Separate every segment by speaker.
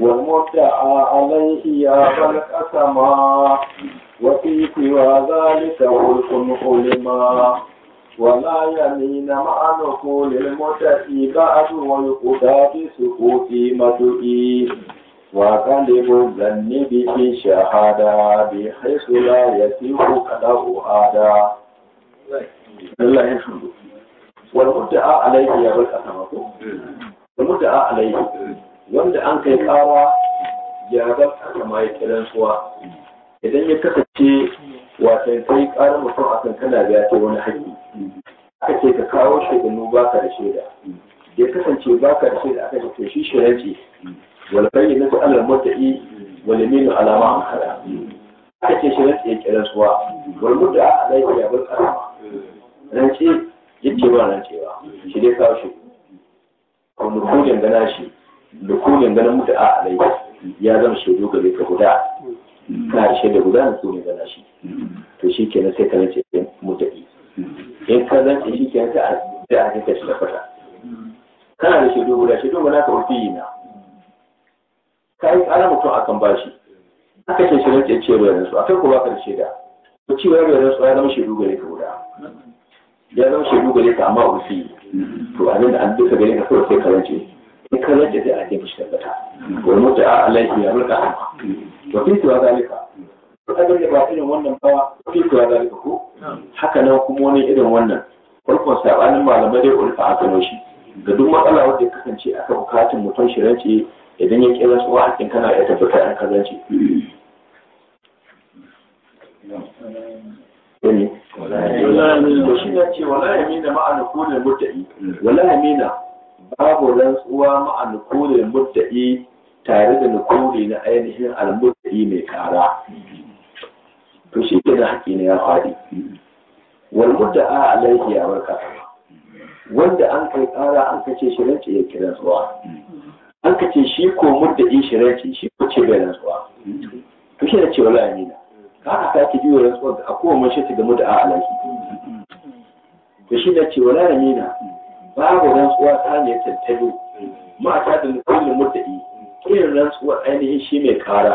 Speaker 1: ومتع عليه يا ملك السماء وفي سوى ذلك والخنق لما ولا يمين مع نقول المتقي بعد ويقضى بسكوت مدعي وغالب الظن به شهادا بحيث لا يسيح له هذا الله يحمده والمدعى عليه يا ملك السماء والمدعى عليه wanda an kai kawa ya ga kama ya kiran suwa idan ya kasance watan kai karar mutum a kan kana ya ce wani haƙƙi aka ce ka kawo shugabannu ba ka da shaida ya kasance ba ka da shaida aka ce shi shaida ce wal bayyana ta alal muta'i wal yaminu alama an kada aka ce shaida ce ya kiran suwa wal a alai ya bar alama rance yake ba rancewa shi dai kawo shi kuma mutum dangana shi da kunin ganin mutu a alai ya zama shaidu gare ka guda ishe da guda na tsoron gana shi to shi kenan sai ka mutu ɗi in ka zance shi kenan a da a hinta shi da fata kana da shaidu guda shaidu guda ka wuce yi na ka yi ƙara mutum akan bashi
Speaker 2: aka ce shi rance ce
Speaker 1: ruwa yanzu akai kai kowa ka da shaida ko ci wani ruwa yanzu ya zama shaidu gare ka guda ya zama shaidu gare ka amma wuce to abinda an duka gare ka kawai sai ka rance kalar da zai ake fuskar ta, wani mutu a ah, alaiki ya rika to fi tuwa zalika kadar da ba irin wannan bawa fi tuwa zalika ko haka nan kuma wani irin wannan farkon sabanin malamai dai ulfa a gano shi ga duk matsala wanda ya kasance aka bukatun mutum shiranci idan ya kira su wa'akin kana ya tabbatar an kazanci Wala ya yamina ma'ana kodin mutane, wala yamina babu rantsuwa ma alkulin mudda'i tare da nukuri na ainihin almudda'i mai kara to shi ke da haƙi ne ya faɗi wal a alaihi ya barka wanda an kai kara an kace shi rance ya kira rantsuwa an kace shi ko mudda'i shi rance shi ko ce bai rantsuwa to shi da ce wala amina ka aka sake biyo rantsuwa da akwai mashi ta ga a alaihi to shi da ce wala amina babu rantsuwa tsaniyar tattalo mata da kullum mutane irin rantsuwar ainihin shi mai kara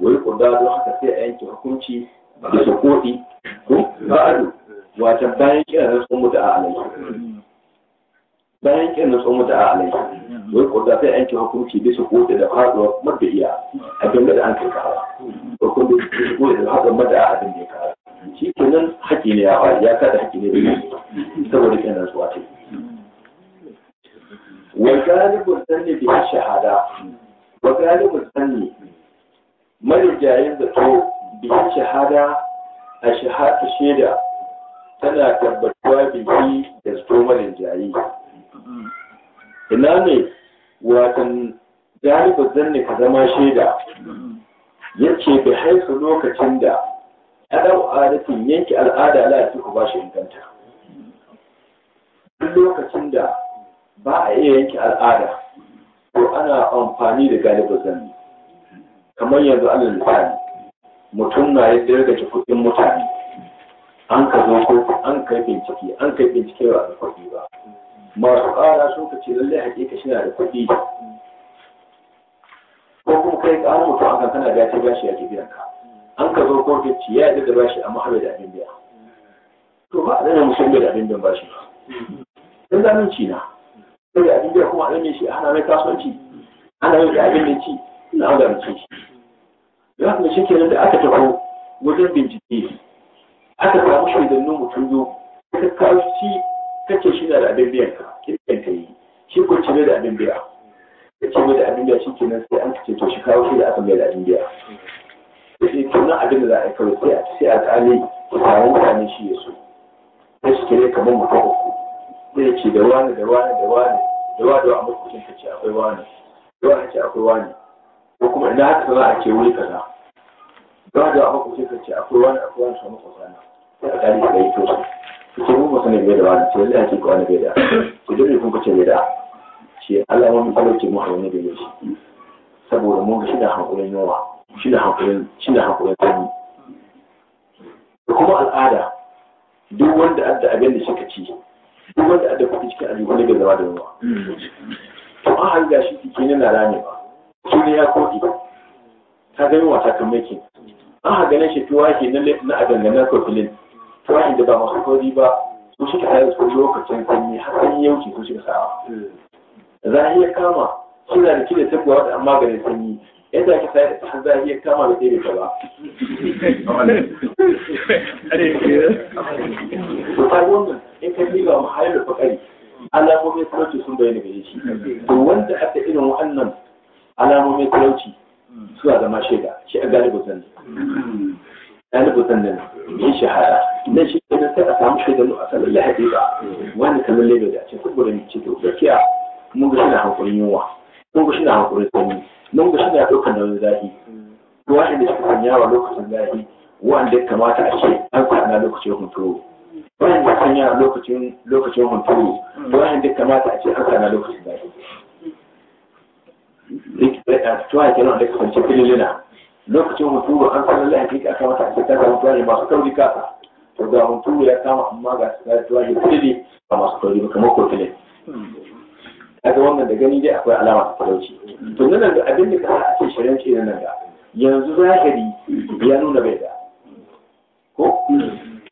Speaker 1: wai ku da don haka sai a yanke hukunci da su koɗi ko ba'adu wata bayan kiran rantsuwar mutu a alai bayan kiran rantsuwar mutu a alai wai ku da sai a yanke hukunci da su koɗi da faɗuwar iya abin da an kai kara ko kuma da su koɗi da faɗuwar mabiya abin da ya kara shi kenan haƙƙi ne ya faɗi ya kada haƙƙi ne saboda kenan wa galibul sanni bi shahada a shahada shaida tana tabbatuwa biki da su marijayi ina ne watan galibul zama shaida yace bai haisu lokacin da adau adatin yanke al'ada la ta ba shi inganta duk lokacin da ba a iya yanke al'ada ko ana amfani da galibin zanni kamar yanzu ana misali mutum na ya dirgace kuɗin mutane an ka zo ko an kai bincike an kai bincike ba da kuɗi ba masu ƙara sun ka ce lallai hakika shi na da kuɗi ko kuma kai an mutu an kana ba shi a ka? an ka zo ko ka ce ya yi da bashi amma haɓe da abin biya to ba a zana musulmi da abin biyan bashi ba. Ɗan zamanci na. da abin da kuma annabi shi ana mai kasuwanci ana yin abin da ci ina ga mace shi ya kuma shi kenan da aka tafi wajen bincike aka samu shaidannin mutum biyu ka kawo shi kace shi na da abin biyan ka kiran ka yi shi ko cire da abin biya ya ce mai da abin biya shi kenan sai an kace to shi kawo shi da aka mai da abin biya da shi kenan abin da za a yi kawai sai a tsare a tsale ko tsarin mutane shi ya so sai shi kere kamar mutum zai ce da wani da wani da wani da wani da wani ka ce akwai wani da wani ce akwai wani ko kuma ina haka za a ce wuri kaza da wani da wani ka ce akwai wani akwai wani samu kwasana sai a tare da kai to su ce mun mutum ne da wani ce wani ake kawai bai da ku dole kun kace bai da ce Allah wani talauci mu a wani da yake saboda mun shi da hankulin yawa shi da hankulin shi da hankulin sani da kuma al'ada duk wanda adda abin da suka ci duk wanda da kuɗi cikin aljihu ne bai zama da yawa. to an hanga shi ke yana rami ba shi ne ya koɗi ta gani wata kan sakamakon an haga nan shi tuwa ke na a ganganar kofilin tuwa da ba masu kori ba su suka tare su lokacin sanyi har sanyi ya wuce su suka sa'a za a kama suna da kila tabbawa da amma ganin sanyi yadda ake sayar da ta zahiyar kama da ɗaya ta ba. Ba wannan in ka diba mahayar da fakari alamomin talauci sun bayyana gare shi. To wanda aka irin wannan alamomin talauci suna zama shaida shi a galibin sanda. Galibin sanda ne yin shahada. Nan shi ne sai a samu shaidanu a salon lahadi ba wani kamar lebe da ce saboda ne ce to gaskiya mun ga suna hankulin yunwa. lokacin da hakuri komai lokacin da ɗaukar nauyin zafi to waɗanda suka kan yawa lokacin zafi wanda ya kamata a ce an kwana lokacin hunturu waɗanda kan yawa lokacin lokacin hunturu to waɗanda ya kamata a ce an kwana lokacin zafi tuwa ya kenan da kasance fililina lokacin hunturu an kwana lafi a kamata a ce ta samu tuwa masu kauri kasa to ga hunturu ya kama amma ga tuwa ya filili ba masu kauri ba kamar kotile kaga wannan da gani dai akwai alama ta talauci to nan da abin da ka a ce shirin ce nan da yanzu zahiri ya nuna bai da ko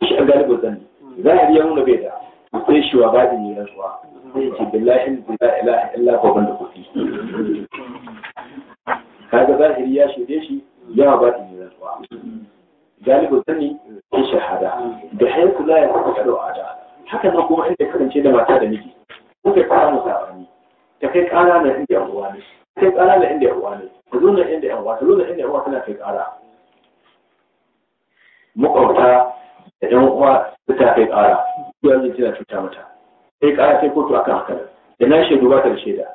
Speaker 1: shi a galibu zanni zahiri ya nuna bai da sai shi wa bajin ne rantsuwa sai ce billahi la ilaha illa ko banda kuɗi kaga zahiri ya shirye shi ya wa bajin ne rantsuwa galibu zanni sai shahada da haiku la ya kuka da haka nan kuma inda kasance da mata da miji kuka mu sabani ta kai ƙara na inda yan uwa ne ta kai ƙara na inda yan uwa ne ta zo na inda yan uwa ta zo na inda yan uwa tana kai ƙara makwabta da yan uwa ta kai ƙara yanzu tana cuta mata Kai ƙara sai kotu akan haka da na shaidu ba ta da shaida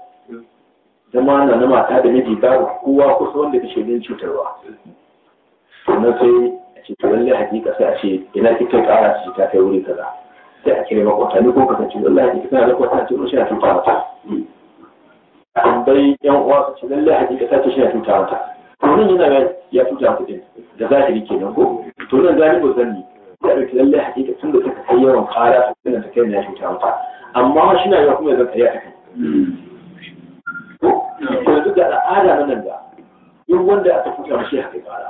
Speaker 1: zama na na mata da miji ba kowa kusa wanda ta shaidun cutarwa sannan sai a ce to lallai hakika sai a ce ina ki kai ƙara ce ta kai wuri kaza sai a kire makwabta ni ko kasance lallai hakika tana da kwata ce rushe a cuta mata tambayi yan uwa su ce lallai hakika ta ce shi ya tuta wata. to nan yana ga ya tuta kuɗin da zahiri kenan ko to nan zani ba zanni ya ɗauki lallai hakika tun da ta kai yawan ƙara ta nan ta kai ya tuta wata. amma shi na yawa kuma ya zan kariya ta kai ko duk da al'ada nan da duk wanda aka tuta mashi haka ƙara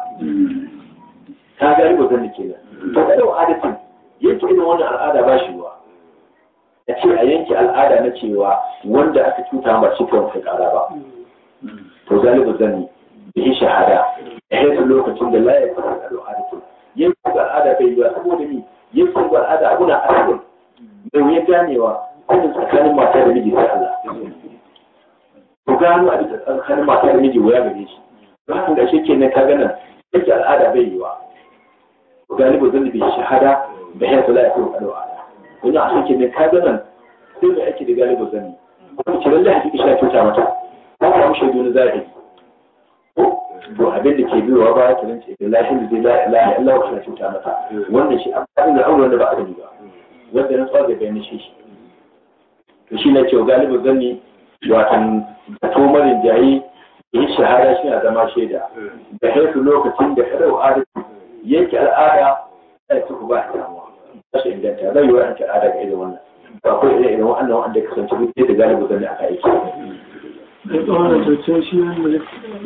Speaker 1: ta gari ba zanni kenan to kada wa adatin yake irin wannan al'ada ba shi ruwa a ce a yanke al'ada na cewa wanda aka cuta ba shi kan kai kara ba to galibu zani da yi shahada a yanzu lokacin da la a fara da al'adatu yanzu al'ada bai yi yiwa saboda ni yanzu al'ada a na asibin mai wuyan ganewa kuma tsakanin mata da miji sai Allah to gano a duka tsakanin mata da miji wuya gare shi ba haka da shi ke na kaga nan yake al'ada bai yi ba galibu zan yi shahada da yanzu la ya fara da wani a soke da ka zanen sai mai ake da galibar zane kuma ce lallai hakiki shi kyauta mata ba ka mushe duni zahiri to abin da ke biyowa ba ya tunanci da lahin da la ilaha illa huwa kyauta mata wannan shi amfani da auren da ba a gani ba wanda na da bayan shi to shi na ce wa galibar zane watan da tomarin jayi in shahara shi na zama shaida da haifu lokacin da kada al'ada yake al'ada sai su ba damuwa za su inganta zai yi wa an ga irin wannan ba ko irin irin wa'annan wa'anda ya kasance duk da galibu zan da aka aiki
Speaker 2: da tsawon da cutar shi ne mai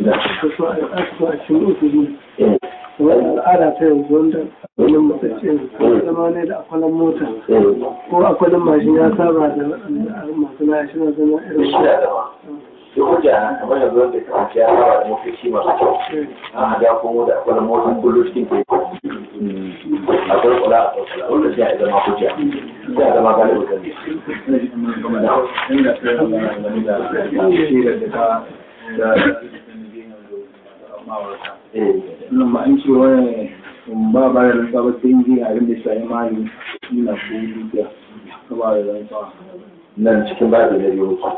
Speaker 2: da su a asibu a cikin usuli wani al'ada ta yanzu wanda wani matsatsi eh. zama ne da akwalin mota eh. ko akwalin mashin ya saba da masu na shi na zama irin ah.
Speaker 1: sai hujja nan kamar yanzu wanda ka fashe ya fara da masu kyau an haja kuma da akwai motsin kullu cikin teku a kula a kula wanda sai ya zama hujja sai ya zama galibu kan ne an ce wani ba ba da rantsa ba sai yi a rinda shayi mali ina ko dukiya ba da rantsa nan cikin ba da yau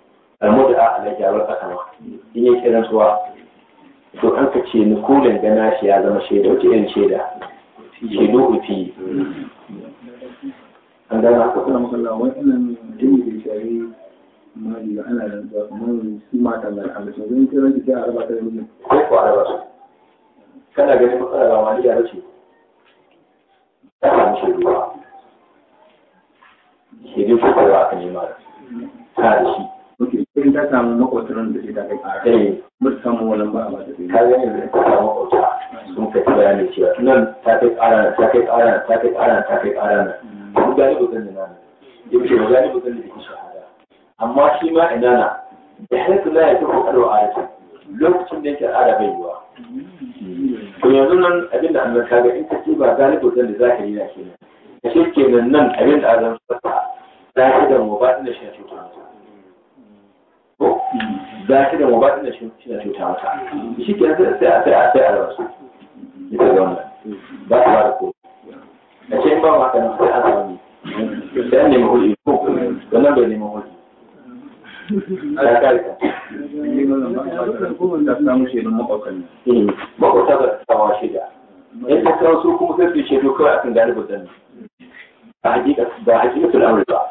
Speaker 1: almudu a alajabar kasama in yi kiran suwa to an ka ce ni kulin gana shi ya zama shaida wace irin shaida shaidu uti an da na kuma musalla wa'annan jini da shari mali da ana da mun su mata da alƙalci zan kira ki da araba ta yi ko ko araba su kana ganin matsala ba mali ya race ta samu shaidu ba shaidu ko ba ka nema ta da shi in ta samu makwatarin da shi ta kai kara ba eh. samu wani ba a ba ta ka ga yanzu ta samu makwata sun kai bayani cewa nan ta kai kara ta kai kara ta kai kara ta kai kara na. ku gani ba zan nuna ya ce ba gani ba zan da ke shahada amma shi ma ina na da halittu na ya tafi kalwa a yake lokacin da yake ara bai yiwa to yanzu nan abinda an ka ga in ta ce ba gani ba zan da zahiri na kenan a shi kenan nan abinda a zan fata zahiran wa ba ɗin shi a cutar za ta da mabaɗin da shi na cuta mata shi ke sai a sai a sai a rasu ita ga wannan ba su ba da ko a ce in ba ma kana sai a samu sai an nemi huli ko wannan bai nemi huli ala kare ka ta samu shaidun makwakwan ne makwakwa ba ta samu shaida in ta kawo su kuma sai su shaidu kawai a kan galibin zanni ba hakika ba hakika sun amurka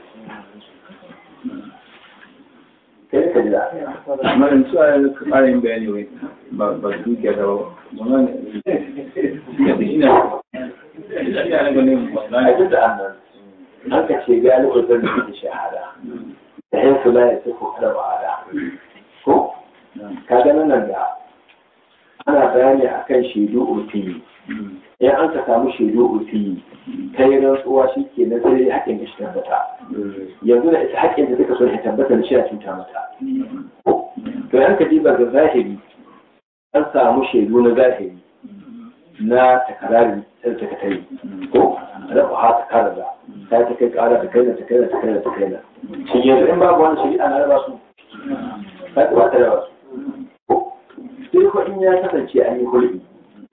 Speaker 1: malam su a yanzu ƙarin bayani wai ba dukiya da ba zama ne ya fi ina ina na ganin bangare duk da annan ce ga alƙurban da suke shahada da yan kula ya suka da ba'ada ko ka nan da ana bayani akan shaidu otini in an ka samu shaidu usi ta yi rantsuwa shi ke na zai haƙƙin da shi tabbata yanzu da ita haƙƙin da suka so ya tabbata da shi a cuta mata to an ka diba ga zahiri an samu shaidu na zahiri na takarari sai ta kai ko da ba ta karara ta ta kai ƙara da kai da ta kai da ta kai da ta kai da shi yanzu in babu wani shari'a na raba su ta ba ta raba su sai ko in ya kasance an yi hulɗi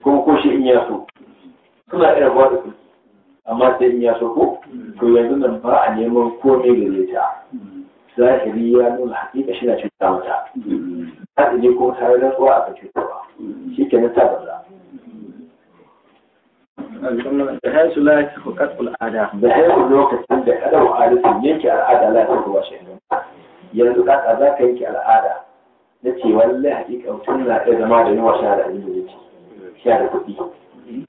Speaker 1: kuma ko shi in ya so suna iya rabuwa da kuɗi amma sai in ya soko to yanzu nan ba a neman komai da gare ta zahiri ya nuna hakika shi na cuta mata ta ne kuma tare da tsuwa aka cuta ba shi ke na tabbata da haisu la ta ku kasul ada da haisu lokacin da kada wa alisu yake al'ada la ta kuwa shi yanzu kaka za ka yanke al'ada na ce wallahi hakika mutum na iya zama da yawa sha da abin da yake da kuɗi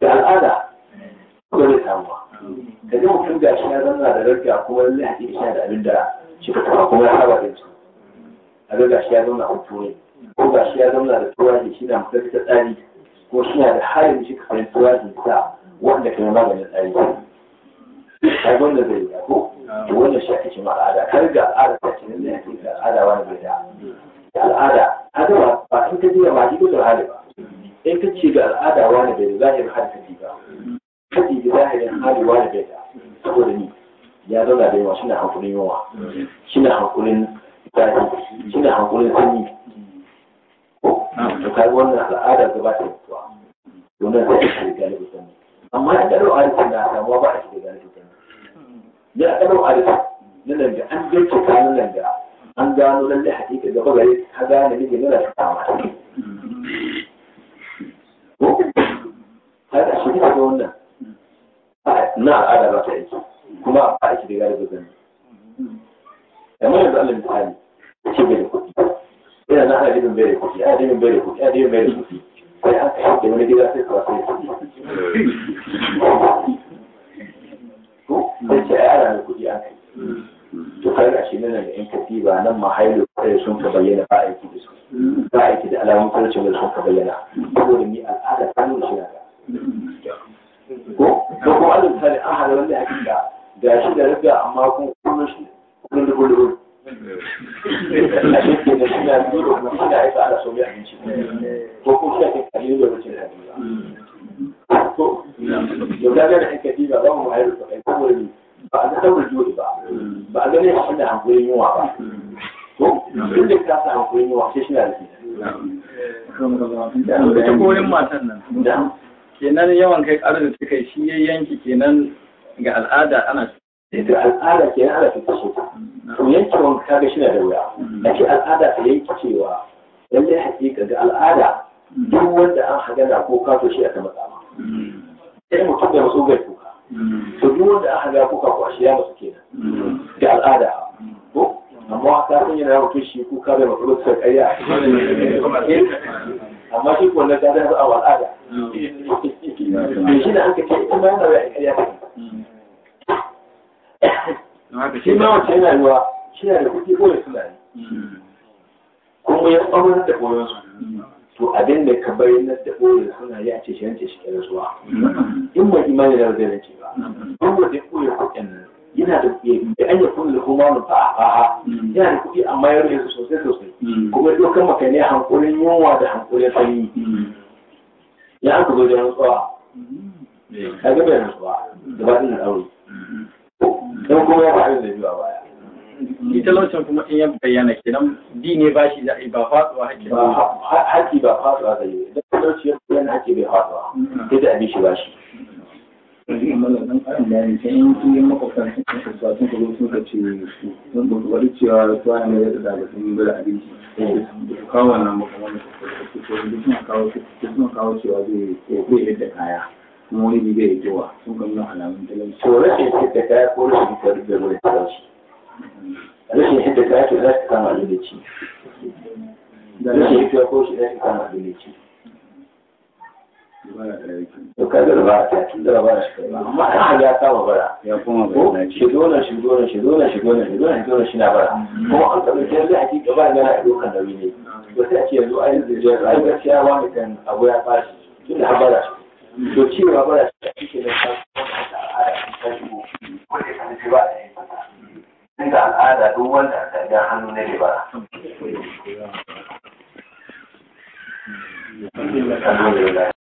Speaker 1: da al'ada ko zai samu ba da zai mutum ga shi ya zanna da rafiya kuma lallai a cikin da abin da shi ka kuma kuma ya saba da shi a ga shi ya zauna a turai ko ga shi ya zauna da turai shi na mutum ta tsari ko shi na da halin shi ka fahimci turai sa wanda ka yi maganin tsari ai wanda zai yi ko to wanda shi ake cewa al'ada kar ga al'ada ta ce ne ake ga al'ada wani bai da al'ada adawa ba in ka jiya ma ji ko al'ada ba in ka ce ga al'ada wani bai da zahiri har ka ji ba zauna da yawa suna hankulin yawa suna hankulin zafi shine hankulin sanyi to kai wannan al'ada ba ta fitowa domin sai ta shiga galibi sanyi amma a ɗaro rikin na samuwa ba a shiga galibi sanyi ne a ɗaro arifin na nan da an gaske kayan nan da an gano lalle hakika gaba gare ka gane ne da ta fitawa ko ka shi ne ga wannan je mai da kuɗi sai aka yi da wani yara da kuɗi a kai, to kai ga shi nan da yan ba nan mahailu kai sun ka bayyana ba aiki da su ba aiki da alamun farcin da sun ka bayyana saboda ni al'ada ta nuna shi da ko ko kuma an da shi da amma kun da shi ke da shi na biyu da kuma suna aika ala sobi abinci ko kuma suna ke kalilu da wucin
Speaker 2: kalilu
Speaker 1: ko yau da gana in kadi ba ba mu ma'ayar da kai ko wani ba a ga taurin juri ba ba a ga ne abin da hankulin yunwa ba ko duk da ka sa hankulin yunwa sai shi na da shi ita korin matan nan kenan yawan kai ƙarar da ta kai shi ya yanki kenan ga al'ada ana ita al'ada kenan ana fita shi yanke wanka kaga shi na da wuya mm. ake al'ada a yanke cewa lallai hakika ga al'ada duk wanda an hagana ko kaso shi aka matsa ma sai mm. mutum da maso gai kuka mm. to duk wanda an haga kuka ko shi ya masu kenan ga al'ada ko amma ta san yana mutum shi kuka bai masu lokacin ƙarya amma shi kuwa na gadar a al'ada shi da an ka ce ita ma yana bai ƙarya shi ma wacce yana ruwa shi na da kuɗi ko da fulani hmm. kuma ya ɓaunar da su, to abin da ka bayyanar da ɓoye suna ya ce shi rance shi ke rasuwa hmm. in ba imani da zai rance ba
Speaker 2: in
Speaker 1: ba zai ɓoye kuɗin nan yana da kuɗi da an yi kuɗi da kuma wani fa'a hmm. yana da kuɗi amma ya rage sosai sosai kuma ɗaukar makani ne hankulin yunwa da hankulin sanyi ya aka zo da rasuwa, ka ga bai rasuwa da ba ɗin da aure don kuma ya a baya shi talaucin kuma in ya bayyana kenan bi ne ba shi za'i ba faduwa ba haƙƙi ba faduwa zai yi don talauci ya bayyana haƙƙi bai faduwa sai da abin shi ba shi malam ɗan cewa su kawo cewa zai yadda kaya kuma wani bibe ya kewa sun kan alamun talauci. to rashin hidda kaya ko rashin fitta da talauci rashin hidda kaya to za su kama lalaci rashin fitta ko shi za su kama lalaci. to kaga da ba ta da shi kai amma an ya kama bara ya kuma bara shi dole shi dole shi dole shi dole shi dole shi dole shi na bara kuma an tabbata yanzu a cikin ba yana da dokan da wuri ne to sai a ce yanzu ai zai je ai gaskiya wani kan abu ya fashi tun da bara to ci gaba da shi ke da al'ada ta al'ada duk wanda a ga hannu ne ba alhamdulillah